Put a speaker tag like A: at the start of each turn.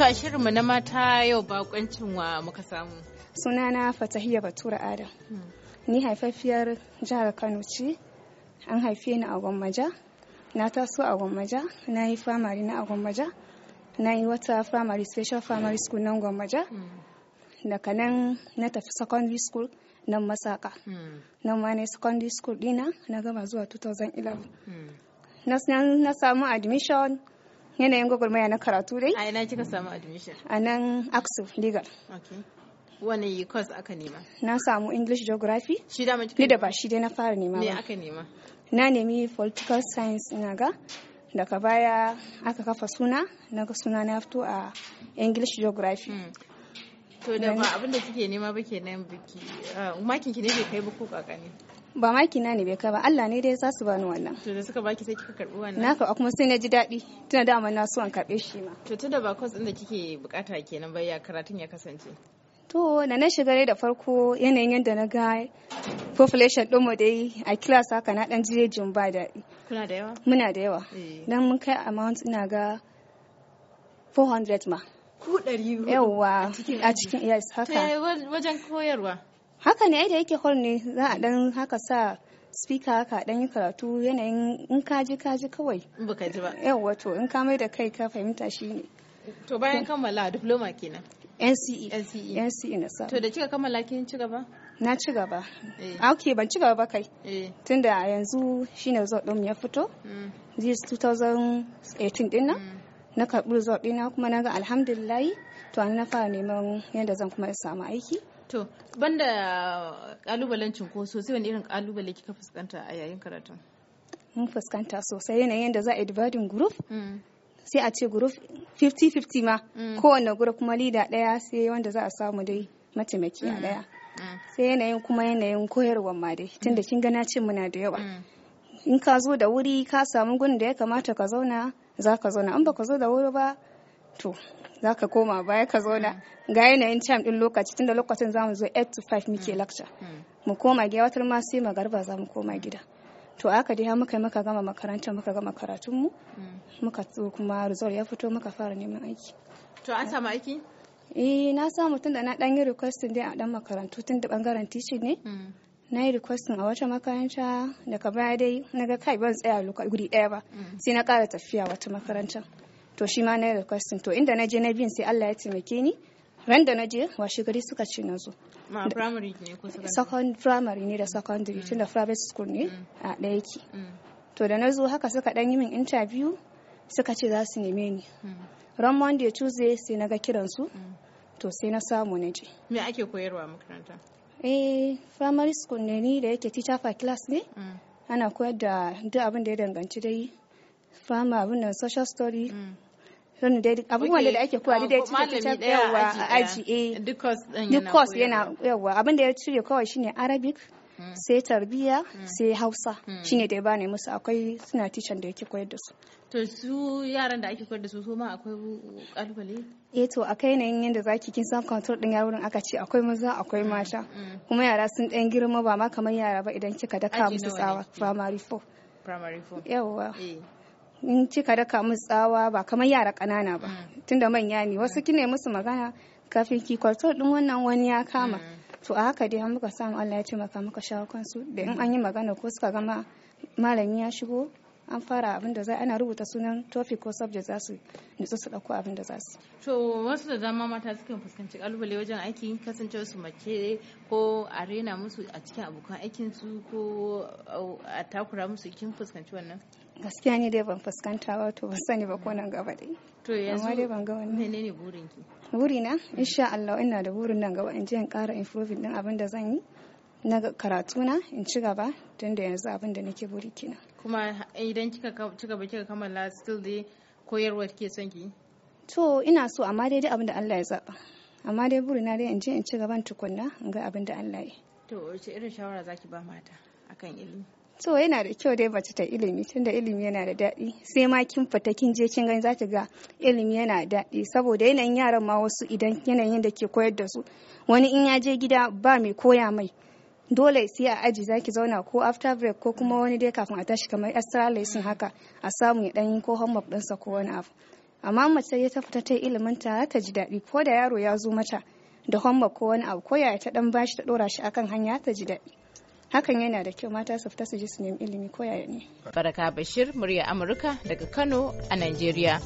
A: To a shirinmu na mata yau bakoncin wa muka samu.
B: Sunana Fatahiyya Batura Adam. Ni haifafiyar jihar Kano ce, an haife ni a Gwammaja, na taso a Gwammaja, na yi famari na a Gwammaja, na yi wata firamare special firamare school nan Gwammaja, daga nan na tafi secondary school nan Masaka. Nan ma na secondary school dina na gama zuwa 2011. Hmm. Na samu admission yanayin gwagwarmaya na karatu dai a ina kika samu admission a nan aksu legal
A: wani course aka nema
B: na samu english geography shi da ni da ba shi dai na fara nema ba me aka nema na nemi political science ina ga daga baya aka kafa suna na ga suna na fito a english geography hmm.
A: to da ba abinda kike nema ba ke nan biki ah, makin ki ne bai kai ba ko kakani
B: ba maki na ne bai kai ba Allah ne dai zasu bani wannan
A: to da suka baki sai kika karbi wannan na
B: karba kuma sai na ji daɗi tana da amana so an karbe shi ma
A: to tunda ba course din da kike bukata kenan bai ya karatun ya kasance
B: to da na shiga da farko yanayin yadda na ga population din mu dai a class haka na dan jiye jin ba daɗi kuna da yawa muna da yawa eh. dan mun kai amount ina ga 400 ma
A: ku 100 yawa
B: a cikin yes haka wajen koyarwa haka ne da yake hall ne za a dan haka sa speaker haka dan yi karatu yanayin in ka ji kawai baka ji ba yau wato in ka mai da kai ka fahimta shi ne
A: to bayan kammala diploma kenan
B: NCE NCE NCE na sa to da
A: kika kammala kin ci gaba
B: na ci gaba a eh. ok ban ci gaba ba kai eh. tunda a yanzu shine zo din ya fito mm. this 2018 din nan mm. na karɓi result dina kuma na ga alhamdulillah to an na fara neman yadda zan kuma samu aiki
A: To, banda kalubalen cinkoso sai wani irin kalubale kika fuskanta a yayin karatun?
B: Mun fuskanta sosai yanayin da za a yi dividing group. Mm. Sai a ce group 50-50 ma mm. kowane group kuma leader ɗaya sai wanda za a samu dai mataimaki a mm. ɗaya. Sai yanayin kuma yanayin koyarwa ma dai tunda kin gana ce muna da yawa. In ka zo da wuri ka samu gurin da ya kamata ka zauna za ka zauna in ka zo da wuri ba to za ka koma baya ka zo zauna mm-hmm. ga yanayin cam din lokaci tunda lokacin za mu zo 8 to 5 muke mm-hmm. lecture mm-hmm. mu koma gida watar ma sai magarba za mu koma gida to aka dai muka muka gama makarantar muka gama karatun mu muka zo kuma result ya fito muka fara neman aiki
A: to an samu aiki
B: eh na samu tunda na dan yi requesting dai a dan makarantu tunda bangaren teaching ne mm. na yi requesting a wata makaranta daga baya dai na ga kai ban tsaya guri daya ba mm. sai na kara tafiya wata makarantar to shi ma na requesting to inda na je na biyan sai Allah ya taimake ni ran da na je washe gari suka ce na zo
A: ma primary ne ko
B: secondary primary ne da secondary tunda private school ne mm. a ɗaya ki mm. to da na zo haka suka dan yi min interview suka ce za su neme ni mm. ran monday tuesday sai na ga kiransu to sai na samu na je
A: me ake koyarwa makaranta
B: eh primary school ne ni da yake teacher for class ne ana koyar da duk abin da ya danganci dai fama abin nan social story mm. abubuwan da ake kowa dai cita ta yawa a aji
A: eh. yana
B: yawa abin da ya cire kawai shine arabic mm. sai tarbiya mm. sai hausa shine da ya bani musu akwai suna tishan da yake koyar da su to
A: su yaran da ake koyar da su su ma akwai kalubale
B: eh to a kai yanayin yadda zaki kin san control din yaran aka ce akwai maza akwai mata kuma yara sun dan girma ba ma kamar yara ba idan kika daka musu tsawa primary 4
A: primary 4 yawa eh.
B: in kika daka musu tsawa ba kamar yara kanana ba mm. tunda manya ne wasu mm. kine musu magana kafin ki kwarto din wannan wani ya kama mm. to a haka dai an muka samu Allah ya taimaka muka shawo kansu da in an yi magana ko suka gama malami ya shigo an fara abin da za ana rubuta sunan topic ko subject za su nutsu su ɗauko abin da za su.
A: To wasu da dama mata suke fuskanci kalubale wajen aiki kasance su mace ko a rena musu a cikin abokan aikin su ko a takura musu kin fuskanci wannan?
B: Gaskiya ne dai ban fuskanta ba to ban sani ba ko nan gaba dai. To yanzu amma dai
A: ban ga wannan. Menene burin ki?
B: Burina insha Allah ina da burin nan gaba in je in ƙara improving din abin da zan yi. na karatuna in ci gaba tun da yanzu abin da nake buri kenan
A: kuma idan kika ci gaba kika kammala still dai koyarwa kike son ki
B: to ina so amma dai abin da Allah ya zaba amma dai na dai in je in ci gaban tukunna in ga abin da Allah ya
A: to wace irin shawara zaki ba mata akan
B: ilimi to yana da kyau dai bace ta ilimi tunda ilimi yana da daɗi sai ma kin fita kin je kin gani zaki ga ilimi yana da daɗi saboda yanayin yaran ma wasu idan yanayin da ke koyar da su wani in ya je gida ba mai koya mai dole sai a aji zaki zauna ko after break ko kuma wani dai kafin a tashi kamar extra lesson haka a samu ya yi ko homework ɗinsa ko wani abu amma mace ya ta fita ta yi ilimin ta ta ji daɗi ko da yaro ya zo mata da homework ko wani abu ko yaya ta dan bashi ta ɗora shi akan hanya ta ji daɗi hakan yana da kyau mata su fita su ji su nemi ilimi ko yaya ne
A: baraka bashir murya amurka daga kano a nigeria